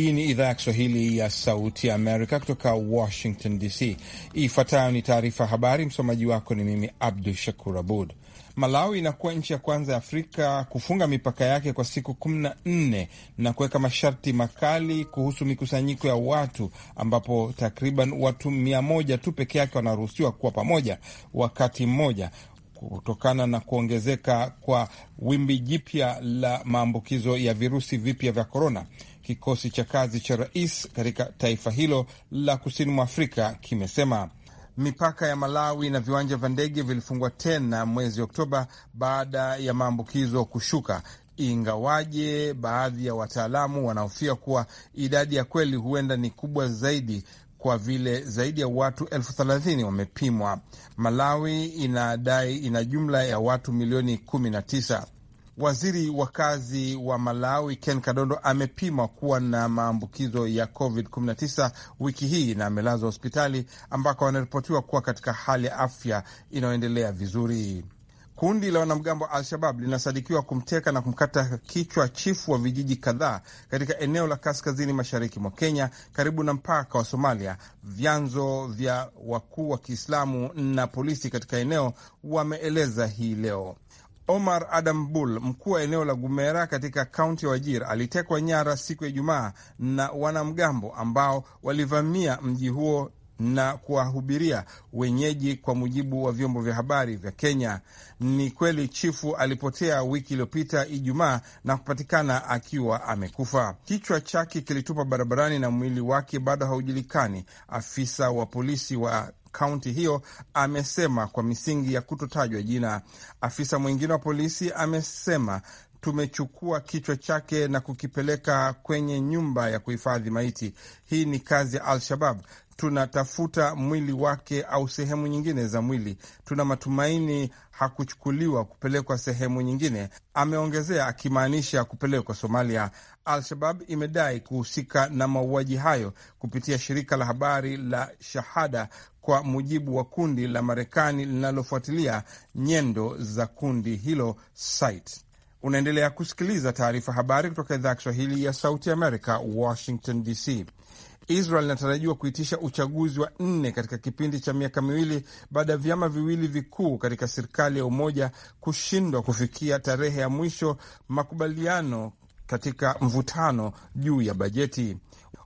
Hii ni idhaa ya Kiswahili ya Sauti ya Amerika kutoka Washington DC. Ifuatayo ni taarifa habari, msomaji wako ni mimi Abdu Shakur Abud. Malawi inakuwa nchi ya kwanza ya Afrika kufunga mipaka yake kwa siku kumi na nne na kuweka masharti makali kuhusu mikusanyiko ya watu ambapo takriban watu mia moja tu peke yake wanaruhusiwa kuwa pamoja wakati mmoja kutokana na kuongezeka kwa wimbi jipya la maambukizo ya virusi vipya vya korona kikosi cha kazi cha rais katika taifa hilo la kusini mwa Afrika kimesema. Mipaka ya Malawi na viwanja vya ndege vilifungwa tena mwezi Oktoba baada ya maambukizo kushuka, ingawaje baadhi ya wataalamu wanahofia kuwa idadi ya kweli huenda ni kubwa zaidi kwa vile zaidi ya watu elfu thelathini wamepimwa. Malawi inadai ina jumla ya watu milioni kumi na tisa Waziri wa kazi wa Malawi Ken Kadondo amepimwa kuwa na maambukizo ya COVID-19 wiki hii na amelazwa hospitali ambako anaripotiwa kuwa katika hali ya afya inayoendelea vizuri. Kundi la wanamgambo wa Al-Shabab linasadikiwa kumteka na kumkata kichwa chifu wa vijiji kadhaa katika eneo la kaskazini mashariki mwa Kenya, karibu na mpaka wa Somalia. Vyanzo vya wakuu wa Kiislamu na polisi katika eneo wameeleza hii leo. Omar Adam Bull, mkuu wa eneo la Gumera katika kaunti ya Wajir, alitekwa nyara siku ya Ijumaa na wanamgambo ambao walivamia mji huo na kuwahubiria wenyeji, kwa mujibu wa vyombo vya habari vya Kenya. Ni kweli chifu alipotea wiki iliyopita Ijumaa na kupatikana akiwa amekufa. Kichwa chake kilitupa barabarani na mwili wake bado haujulikani, afisa wa polisi wa kaunti hiyo amesema kwa misingi ya kutotajwa jina. Afisa mwingine wa polisi amesema tumechukua kichwa chake na kukipeleka kwenye nyumba ya kuhifadhi maiti. Hii ni kazi ya Al-Shabab. Tunatafuta mwili wake au sehemu nyingine za mwili. Tuna matumaini hakuchukuliwa kupelekwa sehemu nyingine, ameongezea, akimaanisha kupelekwa Somalia. Al-Shabab imedai kuhusika na mauaji hayo kupitia shirika la habari la Shahada kwa mujibu wa kundi la Marekani linalofuatilia nyendo za kundi hilo SITE. Unaendelea kusikiliza taarifa habari kutoka idhaa ya Kiswahili ya Sauti Amerika, Washington DC. Israel inatarajiwa kuitisha uchaguzi wa nne katika kipindi cha miaka miwili baada ya vyama viwili vikuu katika serikali ya umoja kushindwa kufikia tarehe ya mwisho makubaliano katika mvutano juu ya bajeti.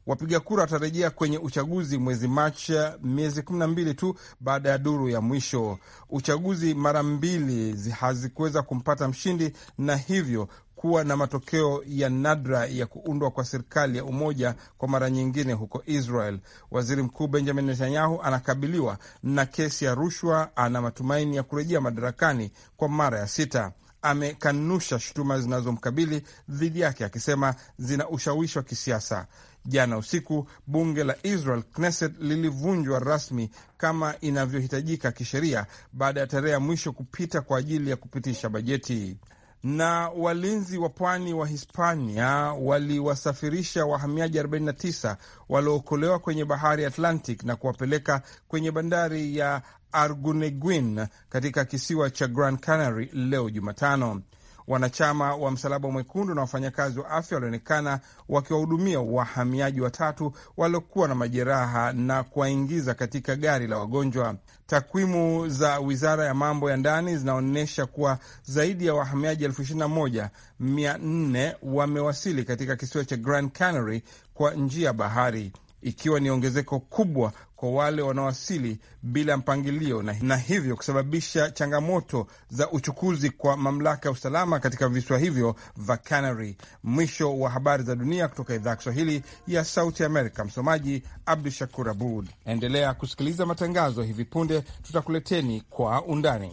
Wapiga kura watarejea kwenye uchaguzi mwezi Machi, miezi 12 tu baada ya duru ya mwisho. Uchaguzi mara mbili hazikuweza kumpata mshindi na hivyo kuwa na matokeo ya nadra ya kuundwa kwa serikali ya umoja kwa mara nyingine huko Israel. Waziri Mkuu Benjamin Netanyahu anakabiliwa na kesi ya rushwa. Ana matumaini ya kurejea madarakani kwa mara ya sita. Amekanusha shutuma zinazomkabili dhidi yake akisema zina ushawishi wa kisiasa. Jana usiku bunge la Israel Knesset lilivunjwa rasmi kama inavyohitajika kisheria baada ya tarehe ya mwisho kupita kwa ajili ya kupitisha bajeti. Na walinzi wa pwani wa Hispania waliwasafirisha wahamiaji 49 waliookolewa kwenye bahari ya Atlantic na kuwapeleka kwenye bandari ya Arguineguin katika kisiwa cha Gran Canary leo Jumatano. Wanachama wa Msalaba Mwekundu na wafanyakazi wa afya walionekana wakiwahudumia wahamiaji watatu waliokuwa na majeraha na kuwaingiza katika gari la wagonjwa. Takwimu za wizara ya mambo ya ndani zinaonyesha kuwa zaidi ya wahamiaji elfu ishirini na moja mia nne wamewasili katika kisiwa cha Grand Canary kwa njia ya bahari ikiwa ni ongezeko kubwa kwa wale wanaowasili bila mpangilio na, na hivyo kusababisha changamoto za uchukuzi kwa mamlaka ya usalama katika visiwa hivyo vya Canary. Mwisho wa habari za dunia kutoka idhaa ya Kiswahili ya Sauti Amerika. Msomaji Abdu Shakur Abud. Endelea kusikiliza matangazo hivi punde, tutakuleteni kwa undani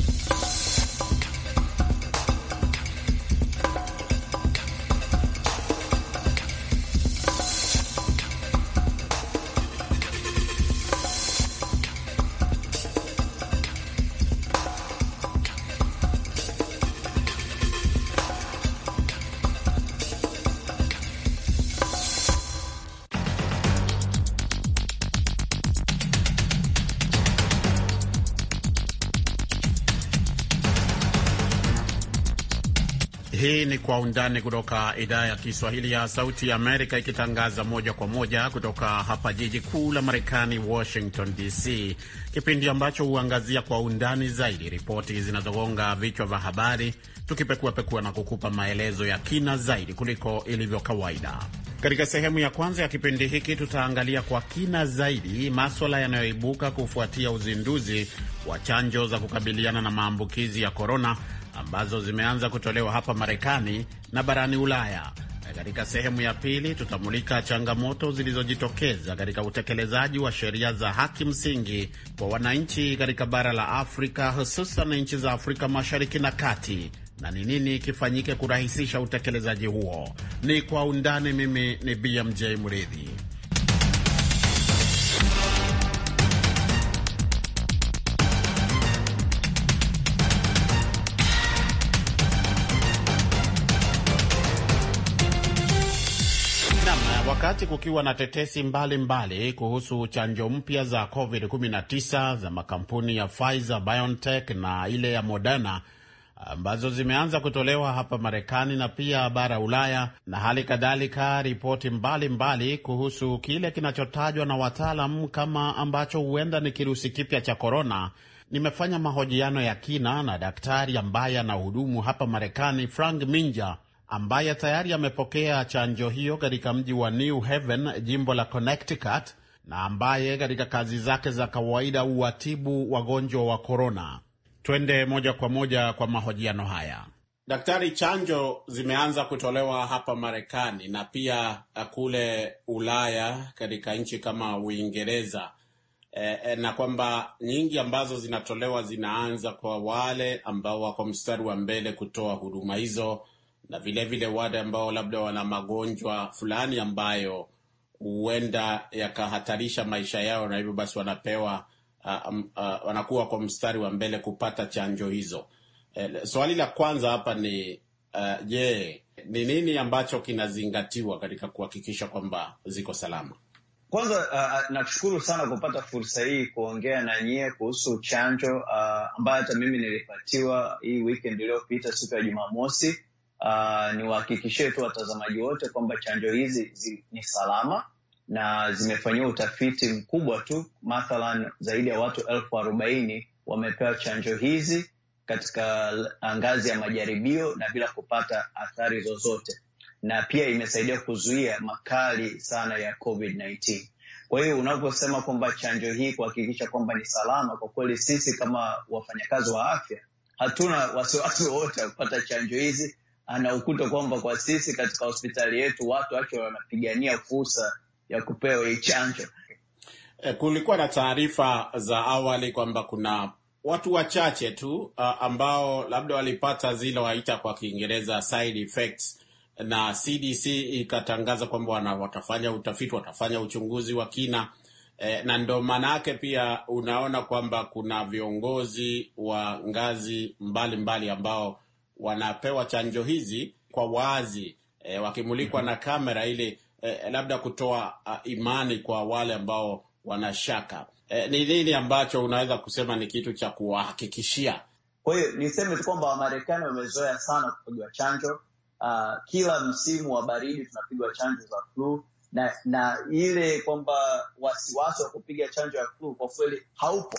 Kwa Undani kutoka idhaa ya Kiswahili ya Sauti ya Amerika, ikitangaza moja kwa moja kutoka hapa jiji kuu la Marekani, Washington DC, kipindi ambacho huangazia kwa undani zaidi ripoti zinazogonga vichwa vya habari, tukipekuapekua na kukupa maelezo ya kina zaidi kuliko ilivyo kawaida. Katika sehemu ya kwanza ya kipindi hiki tutaangalia kwa kina zaidi maswala yanayoibuka kufuatia uzinduzi wa chanjo za kukabiliana na maambukizi ya korona ambazo zimeanza kutolewa hapa Marekani na barani Ulaya. Katika sehemu ya pili tutamulika changamoto zilizojitokeza katika utekelezaji wa sheria za haki msingi kwa wananchi katika bara la Afrika, hususan nchi za Afrika Mashariki na Kati, na ni nini kifanyike kurahisisha utekelezaji huo. Ni kwa undani. Mimi ni BMJ Mridhi. Wakati kukiwa na tetesi mbalimbali mbali kuhusu chanjo mpya za COVID-19 za makampuni ya Pfizer, BioNTech na ile ya Moderna ambazo zimeanza kutolewa hapa Marekani na pia bara Ulaya, na hali kadhalika ripoti mbalimbali kuhusu kile kinachotajwa na wataalam kama ambacho huenda ni kirusi kipya cha korona, nimefanya mahojiano ya kina na daktari ambaye anahudumu hapa Marekani, Frank Minja ambaye tayari amepokea chanjo hiyo katika mji wa New Haven, jimbo la Connecticut, na ambaye katika kazi zake za kawaida huwatibu wagonjwa wa korona. Twende moja kwa moja kwa mahojiano haya. Daktari, chanjo zimeanza kutolewa hapa Marekani na pia eh, kule Ulaya katika nchi kama Uingereza e, e, na kwamba nyingi ambazo zinatolewa zinaanza kwa wale ambao wako mstari wa mbele kutoa huduma hizo na vilevile wale ambao labda wana magonjwa fulani ambayo huenda yakahatarisha maisha yao, na hivyo basi wanapewa uh, um, uh, wanakuwa kwa mstari wa mbele kupata chanjo hizo. Eh, swali la kwanza hapa ni uh, je, ni nini ambacho kinazingatiwa katika kuhakikisha kwamba ziko salama? Kwanza uh, uh nashukuru sana kupata fursa hii kuongea na nyie kuhusu chanjo uh, ambayo hata mimi nilipatiwa hii weekend iliyopita siku ya Jumamosi Uh, niwahakikishie tu watazamaji wote kwamba chanjo hizi zi, ni salama na zimefanyiwa utafiti mkubwa tu. Mathalan, zaidi ya watu elfu arobaini wamepewa chanjo hizi katika ngazi ya majaribio na bila kupata athari zozote, na pia imesaidia kuzuia makali sana ya COVID-19. Kwa hiyo unavyosema kwamba chanjo hii kuhakikisha kwamba ni salama, kwa kweli sisi kama wafanyakazi wa afya hatuna wasiwasi wowote wa kupata chanjo hizi anaukuta kwamba kwa sisi katika hospitali yetu watu wake wanapigania fursa ya kupewa hii chanjo. E, kulikuwa na taarifa za awali kwamba kuna watu wachache tu uh, ambao labda walipata zile waita kwa Kiingereza side effects, na CDC ikatangaza kwamba watafanya utafiti, watafanya uchunguzi wa kina e, na ndo maana pia unaona kwamba kuna viongozi wa ngazi mbalimbali mbali ambao wanapewa chanjo hizi kwa wazi e, wakimulikwa mm -hmm. na kamera ili e, labda kutoa a, ah, imani kwa wale ambao wanashaka. E, ni nini ambacho unaweza kusema ni kitu cha kuwahakikishia? Kwa hiyo niseme tu kwamba Wamarekani wamezoea sana kupigwa chanjo. Uh, kila msimu wa baridi tunapigwa chanjo za flu na, na ile kwamba wasiwasi wa kupiga chanjo ya flu kwa kweli haupo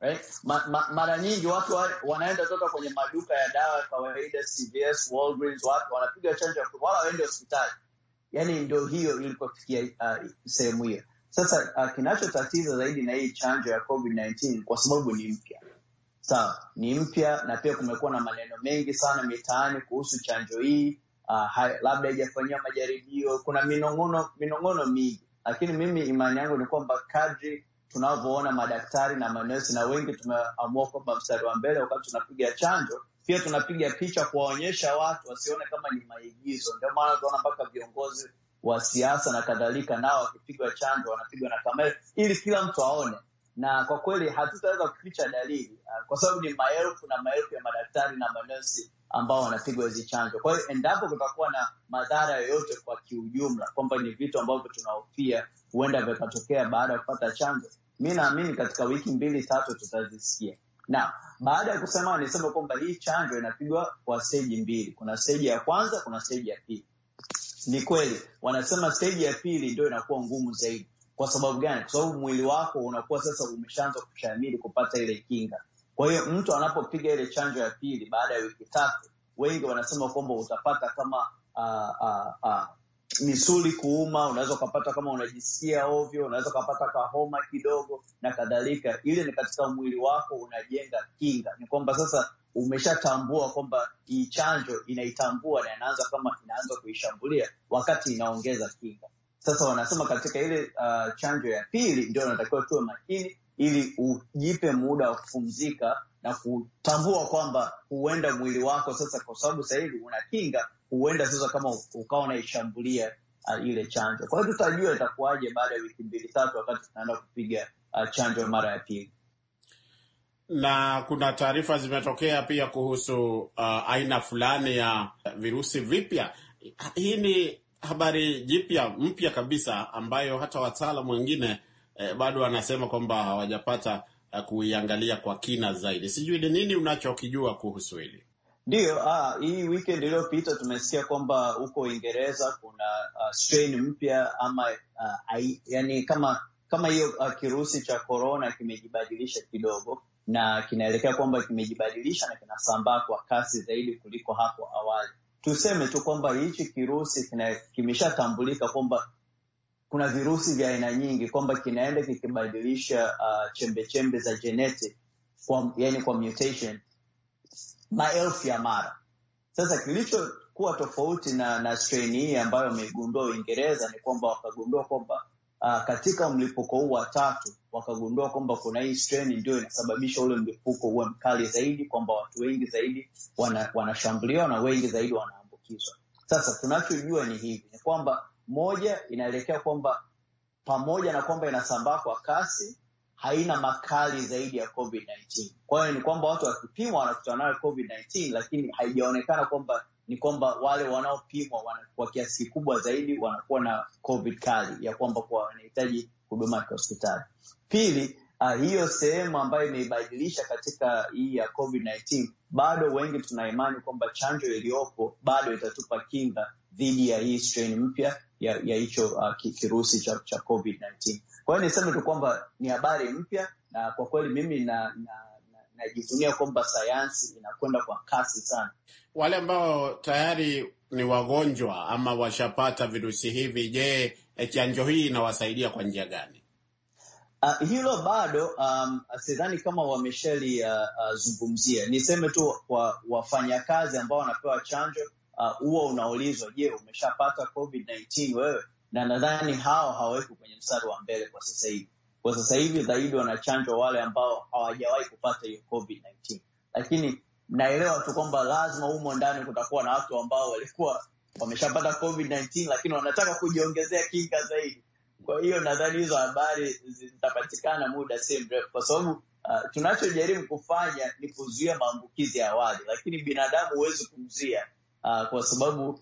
right? ma, ma, mara nyingi watu wa, wanaenda toka kwenye maduka ya dawa kawaida CVS, Walgreens, watu wanapiga chanjo wala waende hospitali. Yani ndio hiyo ilipofikia uh, sehemu hiyo. Sasa uh, kinachotatiza zaidi na hii chanjo ya COVID-19 kwa sababu ni mpya sawa, ni mpya na pia kumekuwa na maneno mengi sana mitaani kuhusu chanjo hii uh, hai, labda haijafanyiwa majaribio. Kuna minong'ono minong'ono mingi, lakini mimi imani yangu ni kwamba kadri tunavyoona madaktari na manesi na wengi tumeamua kwamba mstari wa mbele wakati tunapiga chanjo pia tunapiga picha kuwaonyesha watu wasione kama ni maigizo. Ndio maana tunaona mpaka viongozi wa siasa na kadhalika, nao wakipigwa chanjo wanapigwa na kamera ili kila mtu aone, na kwa kweli hatutaweza kuficha dalili, kwa sababu ni maelfu na maelfu ya madaktari na manesi ambao wanapigwa hizi chanjo. Kwa hiyo endapo kutakuwa na madhara yoyote kwa kiujumla, kwamba ni vitu ambavyo tunahofia huenda vikatokea baada ya kupata chanjo, mi naamini katika wiki mbili tatu tutazisikia. Na baada ya kusema, nisema kwamba hii chanjo inapigwa kwa steji mbili, kuna steji ya kwanza, kuna steji ya pili. Ni kweli wanasema steji ya pili ndio inakuwa ngumu zaidi. Kwa sababu gani? Kwa sababu mwili wako unakuwa sasa umeshaanza kushamiri kupata ile kinga kwa hiyo mtu anapopiga ile chanjo ya pili baada ya wiki tatu, wengi wanasema kwamba utapata kama uh, uh, uh, misuli kuuma, unaweza ukapata kama unajisikia ovyo, unaweza ukapata kahoma kidogo na kadhalika. Ile ni katika mwili wako unajenga kinga, ni kwamba sasa umeshatambua kwamba hii chanjo inaitambua na inaanza kama inaanza kuishambulia wakati inaongeza kinga. Sasa wanasema katika ile uh, chanjo ya pili ndio unatakiwa tuwe makini ili ujipe muda wa kupumzika na kutambua kwamba huenda mwili wako sasa, kwa sababu sasa hivi una kinga, huenda sasa kama ukawa unaishambulia uh, ile chanjo. Kwa hiyo tutajua itakuwaje baada ya wiki mbili tatu, wakati tunaenda kupiga uh, chanjo mara ya pili. Na kuna taarifa zimetokea pia kuhusu uh, aina fulani ya virusi vipya. Hii ni habari jipya mpya kabisa ambayo hata wataalamu wengine eh, bado wanasema kwamba hawajapata eh, kuiangalia kwa kina zaidi. Sijui ni nini unachokijua kuhusu hili? Ndiyo, ah, hii weekend iliyopita tumesikia kwamba huko Uingereza kuna uh, strain mpya ama uh, ai, yani kama kama hiyo uh, kirusi cha korona kimejibadilisha kidogo na kinaelekea kwamba kimejibadilisha na kinasambaa kwa kasi zaidi kuliko hapo awali. Tuseme tu kwamba hichi kirusi kimeshatambulika kwamba kuna virusi vya aina nyingi, kwamba kinaenda kikibadilisha uh, chembe chembe za genetic kwa, yani kwa mutation maelfu ya mara. Sasa kilichokuwa tofauti na, na strain hii ambayo wameigundua Uingereza ni kwamba wakagundua kwamba uh, katika mlipuko huu wa tatu wakagundua kwamba kuna hii strain ndio inasababisha ule mlipuko huwe mkali zaidi, kwamba watu wengi zaidi wanashambuliwa wana na wengi zaidi wanaambukizwa. Sasa tunachojua ni hivi ni kwamba moja inaelekea kwamba pamoja na kwamba inasambaa kwa kasi haina makali zaidi ya COVID-19. Kwa hiyo ni kwamba watu wakipimwa wanakutana nayo COVID-19, lakini haijaonekana kwamba ni kwamba wale wanaopimwa wana, kwa kiasi kikubwa zaidi wanakuwa na COVID kali ya kwamba kwa wanahitaji huduma ya hospitali. Pili, uh, hiyo sehemu ambayo imeibadilisha katika hii ya COVID-19, bado wengi tunaimani kwamba chanjo iliyopo bado itatupa kinga dhidi ya hii strain mpya ya hicho uh, kirusi cha, cha COVID-19. Kwa hiyo niseme tu kwamba ni habari mpya na kwa kweli mimi na, na najivunia kwamba sayansi inakwenda kwa kasi sana. Wale ambao tayari ni wagonjwa ama washapata virusi hivi, je, eh, chanjo hii inawasaidia kwa njia gani? Uh, hilo bado um, sidhani kama wameshalizungumzia. Uh, uh, niseme tu kwa wafanyakazi ambao wanapewa chanjo Uh, huo uh, unaulizwa, je, umeshapata COVID-19 wewe? Na nadhani hao hawawekwi kwenye mstari wa mbele kwa sasa hivi. Kwa sasa hivi zaidi wanachanjwa wale ambao hawajawahi kupata hiyo COVID-19, lakini naelewa tu kwamba lazima humo ndani kutakuwa na watu ambao walikuwa wameshapata COVID-19 lakini wanataka kujiongezea kinga zaidi. Kwa hiyo nadhani hizo habari zitapatikana muda si mrefu, kwa sababu uh, tunachojaribu kufanya ni kuzuia maambukizi ya awali, lakini binadamu huwezi kumzuia uh, kwa sababu uh,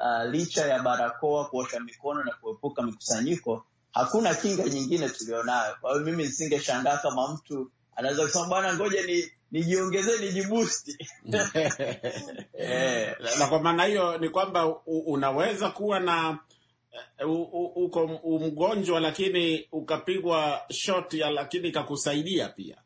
uh, licha ya barakoa, kuosha mikono na kuepuka mikusanyiko, hakuna kinga nyingine tulionayo. Kwa hiyo mimi nisingeshangaa kama mtu anaweza kusema bwana, ngoja ni nijiongezee nijibusti. Eh. Na kwa maana hiyo ni kwamba unaweza kuwa na eh, uko mgonjwa lakini ukapigwa shot ya lakini ikakusaidia pia.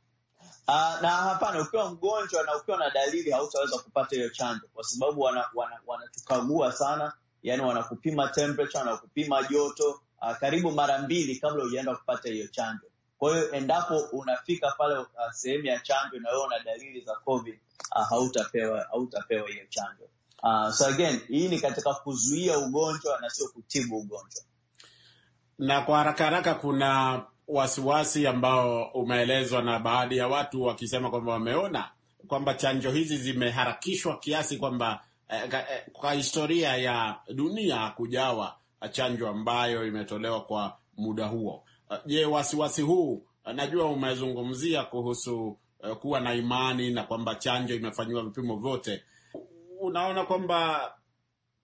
Uh, na hapana, ukiwa mgonjwa na ukiwa na dalili hautaweza kupata hiyo chanjo, kwa sababu wanatukagua wana, wana sana, yani wanakupima temperature, wanakupima joto uh, karibu mara mbili kabla hujaenda kupata hiyo chanjo. Kwa hiyo endapo unafika pale uh, sehemu ya chanjo na wewe una dalili za COVID uh, hautapewa hautapewa hiyo chanjo. Uh, so again, hii ni katika kuzuia ugonjwa na sio kutibu ugonjwa. Na kwa haraka haraka kuna wasiwasi ambao umeelezwa na baadhi ya watu wakisema kwamba wameona kwamba chanjo hizi zimeharakishwa kiasi kwamba eh, eh kwa historia ya dunia kujawa chanjo ambayo imetolewa kwa muda huo. Eh, je, wasiwasi huu eh, najua umezungumzia kuhusu eh, kuwa na imani na kwamba chanjo imefanyiwa vipimo vyote, unaona kwamba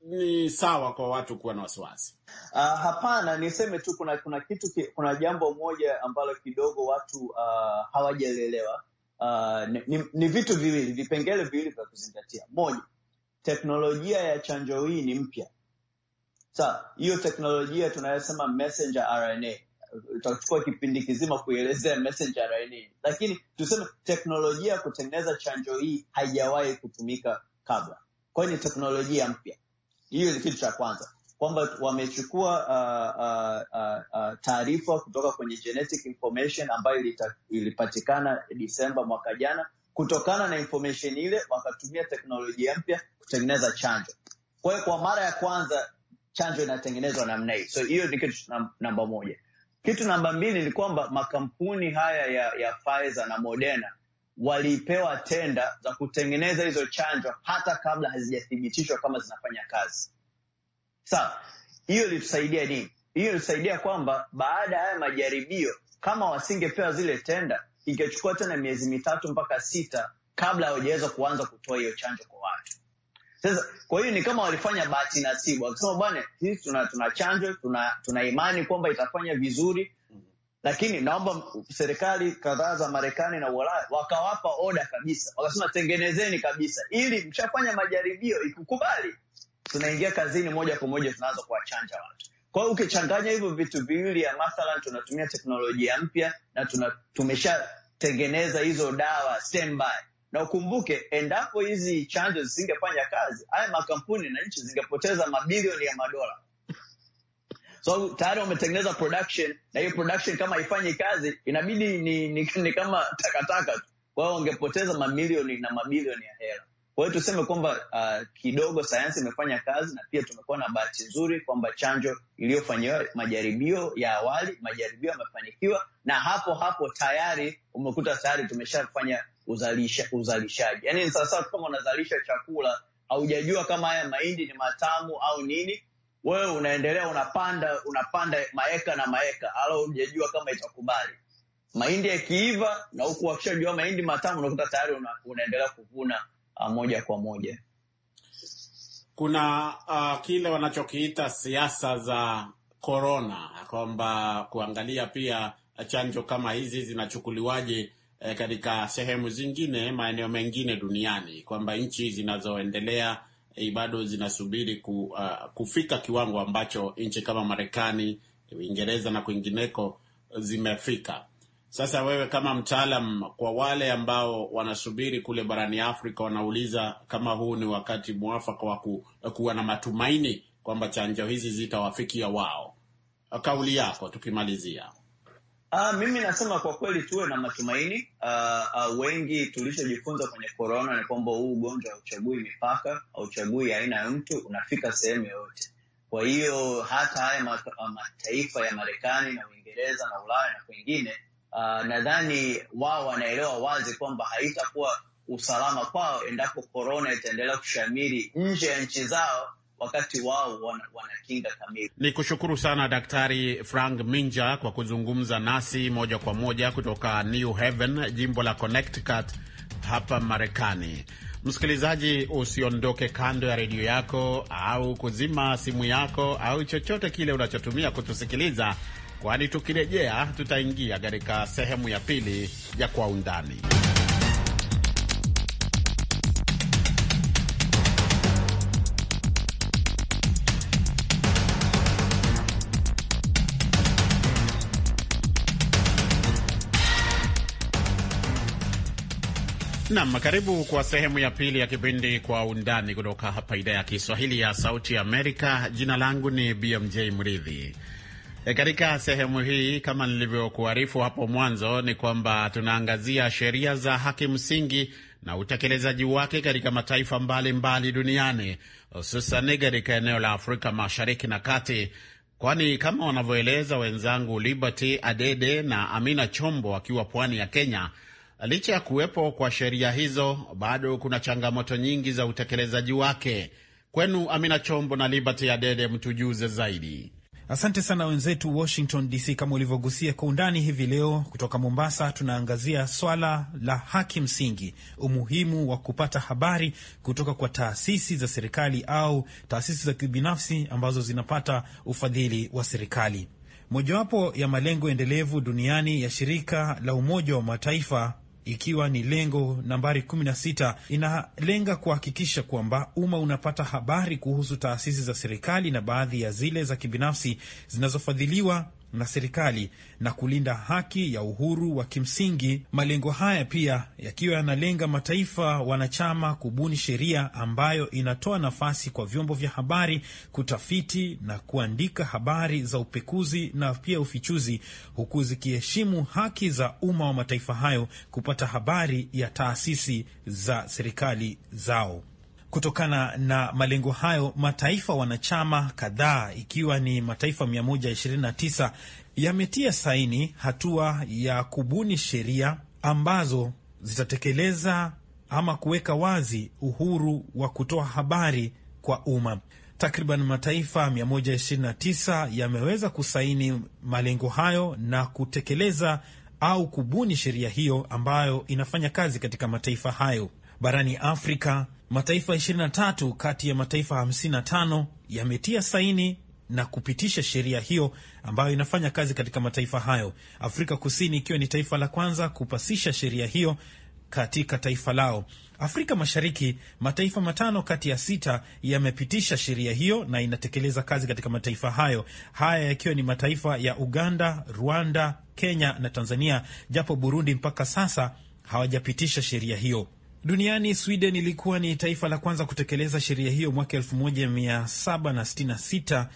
ni sawa kwa watu kuwa na wasiwasi? Uh, hapana, niseme tu kuna kuna kitu kuna jambo moja ambalo kidogo watu uh, ah, hawajalielewa. Uh, ah, ni, ni, ni vitu viwili, vipengele viwili vya kuzingatia. Moja, teknolojia ya chanjo hii ni mpya. Sa hiyo teknolojia tunayosema messenger RNA utachukua kipindi kizima kuielezea messenger RNA, lakini tuseme teknolojia ya kutengeneza chanjo hii haijawahi kutumika kabla, kwa hiyo ni teknolojia mpya. Hiyo ni kitu cha kwanza kwamba wamechukua uh, uh, uh, uh, taarifa kutoka kwenye genetic information ambayo ilita, ilipatikana Disemba mwaka jana. Kutokana na information ile wakatumia teknolojia mpya kutengeneza chanjo. Kwa hiyo kwa mara ya kwanza chanjo inatengenezwa namna hii, so hiyo ni kitu namba moja. Kitu namba mbili ni kwamba makampuni haya ya, ya Pfizer na Moderna walipewa tenda za kutengeneza hizo chanjo hata kabla hazijathibitishwa kama zinafanya kazi. Sawa, hiyo ilitusaidia nini? Hiyo ilitusaidia kwamba baada ya haya majaribio, kama wasingepewa zile tenda, ingechukua tena miezi mitatu mpaka sita kabla hawajaweza kuanza kutoa hiyo chanjo kwa watu. Sasa kwa hiyo ni kama walifanya bahati nasibu, wakisema bwana, sisi tuna, tuna chanjo tuna, tuna imani kwamba itafanya vizuri, lakini naomba serikali kadhaa za Marekani na Ulaya wakawapa oda kabisa, wakasema tengenezeni kabisa, ili mshafanya majaribio, ikukubali, tunaingia kazini moja kwa moja, tunaanza kuwachanja watu. Kwa hiyo ukichanganya hivyo vitu viwili, ya mathalan tunatumia teknolojia mpya na tuna, tumeshatengeneza hizo dawa standby, na ukumbuke, endapo hizi chanjo zisingefanya kazi, haya makampuni na nchi zingepoteza mabilioni ya madola sababu so, tayari wametengeneza production na hiyo production kama haifanyi kazi inabidi ni, ni, ni kama takataka tu. Kwa hiyo wangepoteza mamilioni na mamilioni ya hela. Kwa hiyo tuseme kwamba uh, kidogo sayansi imefanya kazi, na pia tumekuwa na bahati nzuri kwamba chanjo iliyofanyiwa majaribio ya awali, majaribio yamefanikiwa, na hapo hapo tayari umekuta tayari tumeshafanya uzalisha, uzalishaji. Yani ni sawasawa kama unazalisha chakula, haujajua kama haya mahindi ni matamu au nini, wewe unaendelea unapanda unapanda maeka na maeka, ala ujajua kama itakubali. Mahindi yakiiva na huku wakishajua mahindi matamu, unakuta tayari una, unaendelea kuvuna ah, moja kwa moja. Kuna uh, kile wanachokiita siasa za korona, kwamba kuangalia pia chanjo kama hizi zinachukuliwaje eh, katika sehemu zingine, maeneo mengine duniani, kwamba nchi zinazoendelea Eh, bado zinasubiri ku, uh, kufika kiwango ambacho nchi kama Marekani, Uingereza na kwingineko zimefika. Sasa wewe kama mtaalam, kwa wale ambao wanasubiri kule barani Afrika, wanauliza kama huu ni wakati mwafaka wa kuwa na matumaini kwamba chanjo hizi zitawafikia wao, kauli yako tukimalizia. Ah, mimi nasema kwa kweli tuwe na matumaini. Ah, ah, wengi tulichojifunza kwenye korona ni kwamba huu ugonjwa hauchagui mipaka, hauchagui aina ya mtu, unafika sehemu yoyote. Kwa hiyo hata haya ah, mataifa ya Marekani na Uingereza na Ulaya na kwengine, ah, nadhani wao wanaelewa wazi kwamba haitakuwa usalama kwao endapo korona itaendelea kushamiri nje ya nchi zao wakati wao wana, wana kinga kamili. Ni kushukuru sana Daktari Frank Minja kwa kuzungumza nasi moja kwa moja kutoka New Haven, jimbo la Connecticut hapa Marekani. Msikilizaji, usiondoke kando ya redio yako au kuzima simu yako au chochote kile unachotumia kutusikiliza, kwani tukirejea tutaingia katika sehemu ya pili ya Kwa Undani. Nam, karibu kwa sehemu ya pili ya kipindi Kwa Undani kutoka hapa idhaa ya Kiswahili ya Sauti ya Amerika. Jina langu ni BMJ Mridhi. E, katika sehemu hii kama nilivyokuarifu hapo mwanzo ni kwamba tunaangazia sheria za haki msingi na utekelezaji wake katika mataifa mbalimbali mbali duniani, hususani katika eneo la Afrika Mashariki na Kati, kwani kama wanavyoeleza wenzangu Liberty Adede na Amina Chombo wakiwa pwani ya Kenya Licha ya kuwepo kwa sheria hizo, bado kuna changamoto nyingi za utekelezaji wake. Kwenu Amina Chombo na Liberty Adede, mtujuze zaidi. Asante sana wenzetu Washington DC. Kama ulivyogusia kwa undani hivi leo, kutoka Mombasa tunaangazia swala la haki msingi, umuhimu wa kupata habari kutoka kwa taasisi za serikali au taasisi za kibinafsi ambazo zinapata ufadhili wa serikali. Mojawapo ya malengo endelevu duniani ya shirika la Umoja wa Mataifa ikiwa ni lengo nambari 16 inalenga kuhakikisha kwamba umma unapata habari kuhusu taasisi za serikali na baadhi ya zile za kibinafsi zinazofadhiliwa na serikali na kulinda haki ya uhuru wa kimsingi. Malengo haya pia yakiwa yanalenga mataifa wanachama kubuni sheria ambayo inatoa nafasi kwa vyombo vya habari kutafiti na kuandika habari za upekuzi na pia ufichuzi, huku zikiheshimu haki za umma wa mataifa hayo kupata habari ya taasisi za serikali zao. Kutokana na malengo hayo, mataifa wanachama kadhaa ikiwa ni mataifa 129 yametia saini hatua ya kubuni sheria ambazo zitatekeleza ama kuweka wazi uhuru wa kutoa habari kwa umma. Takriban mataifa 129 yameweza kusaini malengo hayo na kutekeleza au kubuni sheria hiyo ambayo inafanya kazi katika mataifa hayo. Barani Afrika, mataifa 23 kati ya mataifa 55 yametia saini na kupitisha sheria hiyo ambayo inafanya kazi katika mataifa hayo, Afrika Kusini ikiwa ni taifa la kwanza kupasisha sheria hiyo katika taifa lao. Afrika Mashariki, mataifa matano kati ya sita yamepitisha sheria hiyo na inatekeleza kazi katika mataifa hayo, haya yakiwa ni mataifa ya Uganda, Rwanda, Kenya na Tanzania, japo Burundi mpaka sasa hawajapitisha sheria hiyo. Duniani, Sweden ilikuwa ni taifa la kwanza kutekeleza sheria hiyo mwaka 1766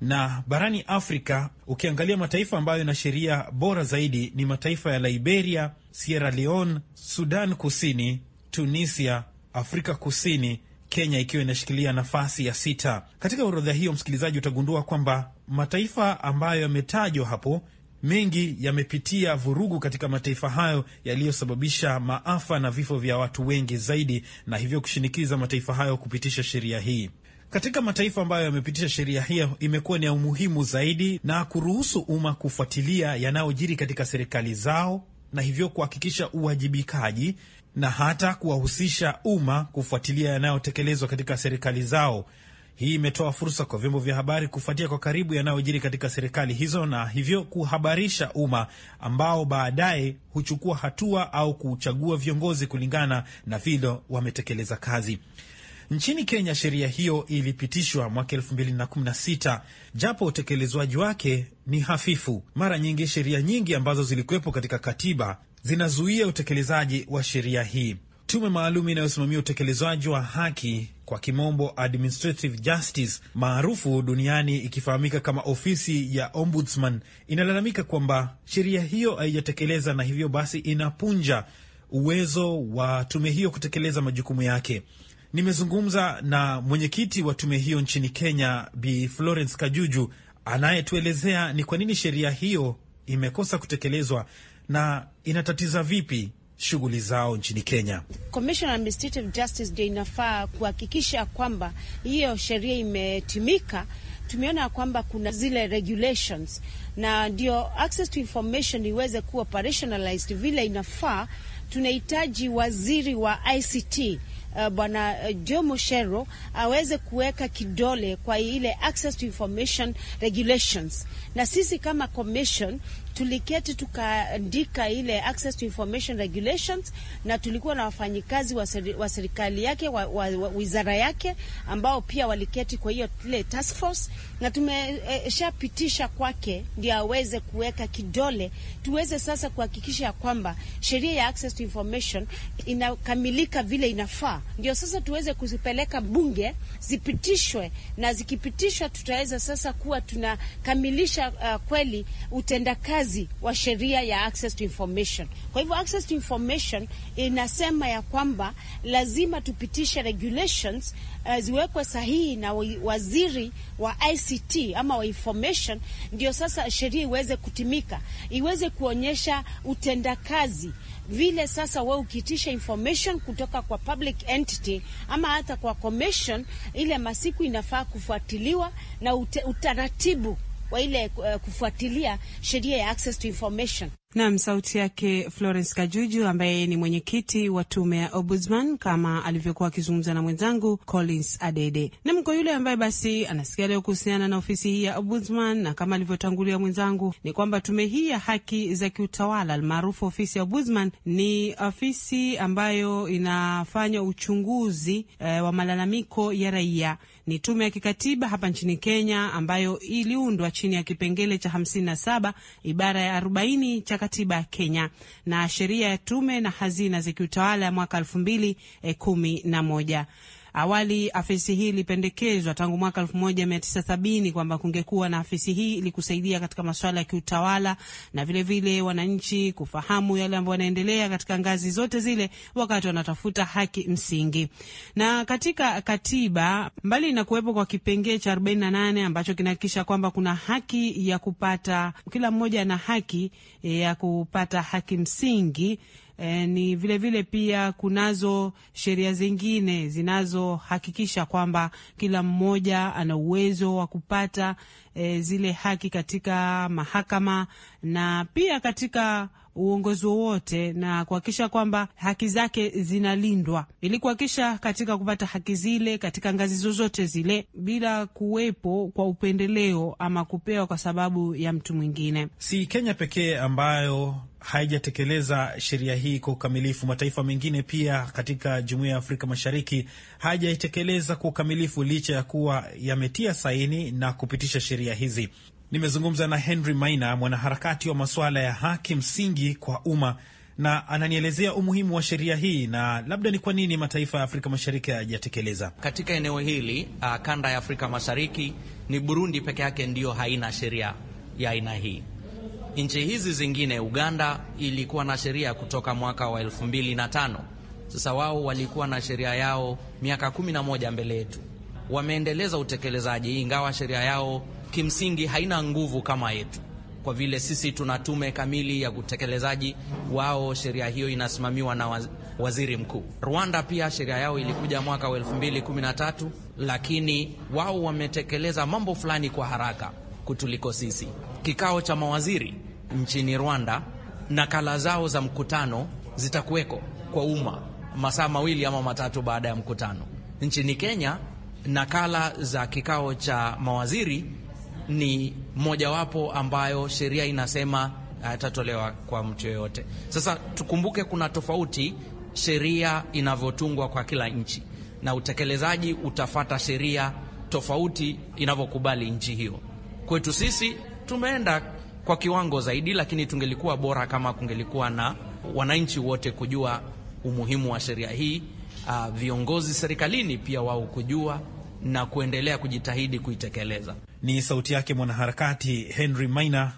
na barani Afrika ukiangalia mataifa ambayo ina sheria bora zaidi ni mataifa ya Liberia, Sierra Leone, Sudan Kusini, Tunisia, Afrika Kusini, Kenya ikiwa inashikilia nafasi ya sita. Katika orodha hiyo, msikilizaji, utagundua kwamba mataifa ambayo yametajwa hapo mengi yamepitia vurugu katika mataifa hayo yaliyosababisha maafa na vifo vya watu wengi zaidi, na hivyo kushinikiza mataifa hayo kupitisha sheria hii. Katika mataifa ambayo yamepitisha sheria hiyo imekuwa ni ya umuhimu zaidi na kuruhusu umma kufuatilia yanayojiri katika serikali zao, na hivyo kuhakikisha uwajibikaji na hata kuwahusisha umma kufuatilia yanayotekelezwa katika serikali zao. Hii imetoa fursa kwa vyombo vya habari kufuatia kwa karibu yanayojiri katika serikali hizo na hivyo kuhabarisha umma ambao baadaye huchukua hatua au kuchagua viongozi kulingana na vile wametekeleza kazi. Nchini Kenya, sheria hiyo ilipitishwa mwaka 2016 japo utekelezwaji wake ni hafifu. Mara nyingi sheria nyingi ambazo zilikuwepo katika katiba zinazuia utekelezaji wa sheria hii. Tume maalum inayosimamia utekelezaji wa haki kwa kimombo administrative justice maarufu duniani ikifahamika kama ofisi ya ombudsman, inalalamika kwamba sheria hiyo haijatekeleza na hivyo basi inapunja uwezo wa tume hiyo kutekeleza majukumu yake. Nimezungumza na mwenyekiti wa tume hiyo nchini Kenya, Bi Florence Kajuju, anayetuelezea ni kwa nini sheria hiyo imekosa kutekelezwa na inatatiza vipi shughuli zao nchini Kenya. Commission Administrative Justice ndio inafaa kuhakikisha kwamba hiyo sheria imetimika. Tumeona kwamba kuna zile regulations na ndio access to information iweze kuwa operationalized vile inafaa. Tunahitaji waziri wa ICT Uh, eh, Bwana uh, eh, Jomo Shero aweze kuweka kidole kwa ile access to information regulations, na sisi kama commission tuliketi tukaandika ile access to information regulations, na tulikuwa na wafanyikazi wa, seri, wa serikali yake wa, wa, wa, wizara yake ambao pia waliketi kwa hiyo ile task force, na tumeshapitisha e, kwake ndio aweze kuweka kidole tuweze sasa kuhakikisha ya kwamba sheria ya access to information inakamilika vile inafaa, ndio sasa tuweze kuzipeleka bunge zipitishwe, na zikipitishwa tutaweza sasa kuwa tunakamilisha uh, kweli utendakazi wazi wa sheria ya access to information. Kwa hivyo access to information inasema ya kwamba lazima tupitishe regulations uh, ziwekwe sahihi na waziri wa ICT ama wa information, ndio sasa sheria iweze kutimika, iweze kuonyesha utendakazi vile sasa wewe ukiitisha information kutoka kwa public entity ama hata kwa commission, ile masiku inafaa kufuatiliwa na ute, utaratibu wa ile uh, kufuatilia sheria ya access to information. Nam, sauti yake Florence Kajuju ambaye ni mwenyekiti wa tume ya Ombudsman, kama alivyokuwa akizungumza na mwenzangu Collins Adede. Nam, kwa yule ambaye basi anasikia leo kuhusiana na ofisi hii ya Ombudsman, na kama alivyotangulia mwenzangu ni kwamba tume hii ya haki za kiutawala almaarufu ofisi ya Ombudsman ni ofisi ambayo inafanya uchunguzi eh, wa malalamiko ya raia ni tume ya kikatiba hapa nchini Kenya ambayo iliundwa chini ya kipengele cha 57 ibara ya 40 cha katiba ya Kenya na sheria ya tume na hazina zikiutawala ya mwaka 2011. Awali afisi hii ilipendekezwa tangu mwaka 1970 kwamba kungekuwa na afisi hii ili kusaidia katika masuala ya kiutawala na vilevile vile wananchi kufahamu yale ambayo yanaendelea katika ngazi zote zile wakati wanatafuta haki msingi. Na katika katiba, mbali na kuwepo kwa kipengee cha 48 ambacho kinahakikisha kwamba kuna haki ya kupata, kila mmoja ana haki eh, ya kupata haki msingi E, ni vilevile vile pia kunazo sheria zingine zinazohakikisha kwamba kila mmoja ana uwezo wa kupata e, zile haki katika mahakama na pia katika uongozi wowote na kuhakikisha kwamba haki zake zinalindwa, ili kuhakikisha katika kupata haki zile katika ngazi zozote zile, bila kuwepo kwa upendeleo ama kupewa kwa sababu ya mtu mwingine. Si Kenya pekee ambayo haijatekeleza sheria hii kwa ukamilifu. Mataifa mengine pia katika jumuiya ya Afrika Mashariki hayajaitekeleza kwa ukamilifu, licha ya kuwa yametia saini na kupitisha sheria hizi. Nimezungumza na Henry Maina, mwanaharakati wa masuala ya haki msingi kwa umma, na ananielezea umuhimu wa sheria hii na labda ni kwa nini mataifa ya Afrika Mashariki hayajatekeleza katika eneo hili. Uh, kanda ya Afrika Mashariki ni Burundi peke yake ndiyo haina sheria ya aina hii. Nchi hizi zingine, Uganda ilikuwa na sheria kutoka mwaka wa elfu mbili na tano. Sasa wao walikuwa na sheria yao miaka kumi na moja mbele yetu, wameendeleza utekelezaji, ingawa sheria yao kimsingi haina nguvu kama yetu, kwa vile sisi tuna tume kamili ya utekelezaji wao. Sheria hiyo inasimamiwa na waz waziri mkuu. Rwanda pia sheria yao ilikuja mwaka wa 2013 lakini wao wametekeleza mambo fulani kwa haraka kutuliko sisi. Kikao cha mawaziri nchini Rwanda, nakala zao za mkutano zitakuweko kwa umma masaa mawili ama matatu baada ya mkutano. Nchini Kenya, nakala za kikao cha mawaziri ni mojawapo ambayo sheria inasema atatolewa uh, kwa mtu yoyote. Sasa tukumbuke kuna tofauti sheria inavyotungwa kwa kila nchi, na utekelezaji utafata sheria tofauti inavyokubali nchi hiyo. Kwetu sisi tumeenda kwa kiwango zaidi, lakini tungelikuwa bora kama kungelikuwa na wananchi wote kujua umuhimu wa sheria hii, uh, viongozi serikalini pia wao kujua na kuendelea kujitahidi kuitekeleza. Ni sauti yake mwanaharakati Henry Maina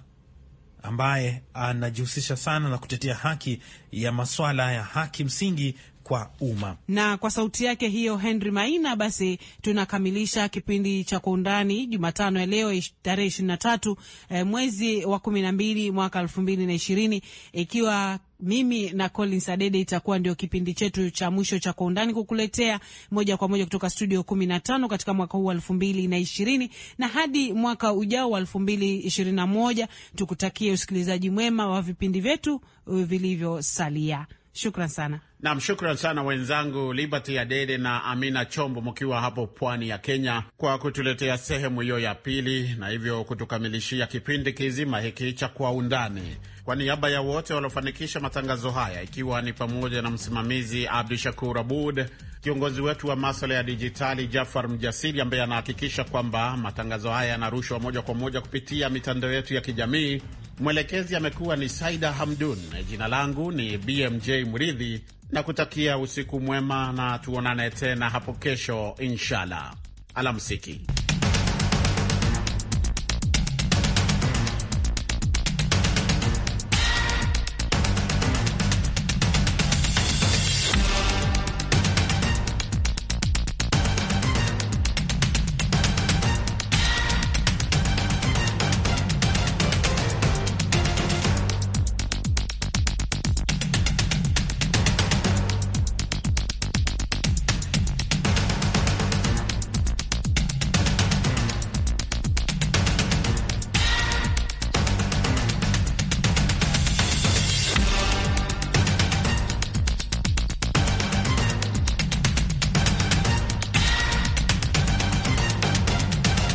ambaye anajihusisha sana na kutetea haki ya maswala ya haki msingi kwa umma. Na kwa sauti yake hiyo Henry Maina, basi tunakamilisha kipindi cha Kwa Undani Jumatano ya leo tarehe ishirini na tatu eh, mwezi wa kumi na mbili mwaka elfu mbili na ishirini ikiwa mimi na Colin Adede itakuwa ndio kipindi chetu cha mwisho cha Kwa Undani kukuletea moja kwa moja kutoka studio 15 katika mwaka huu wa elfu mbili na ishirini na hadi mwaka ujao wa elfu mbili ishirini na moja tukutakie usikilizaji mwema wa vipindi vyetu vilivyosalia. Shukran sana. Nam, shukran sana wenzangu Liberty Adede na Amina Chombo, mkiwa hapo pwani ya Kenya, kwa kutuletea sehemu hiyo ya pili na hivyo kutukamilishia kipindi kizima hiki cha Kwa Undani. Kwa niaba ya wote waliofanikisha matangazo haya, ikiwa ni pamoja na msimamizi Abdu Shakur Abud, kiongozi wetu wa maswala ya dijitali Jafar Mjasiri ambaye anahakikisha kwamba matangazo haya yanarushwa moja kwa moja kupitia mitandao yetu ya kijamii. Mwelekezi amekuwa ni Saida Hamdun. Jina langu ni BMJ Mridhi na kutakia usiku mwema, na tuonane tena hapo kesho inshallah. Alamsiki.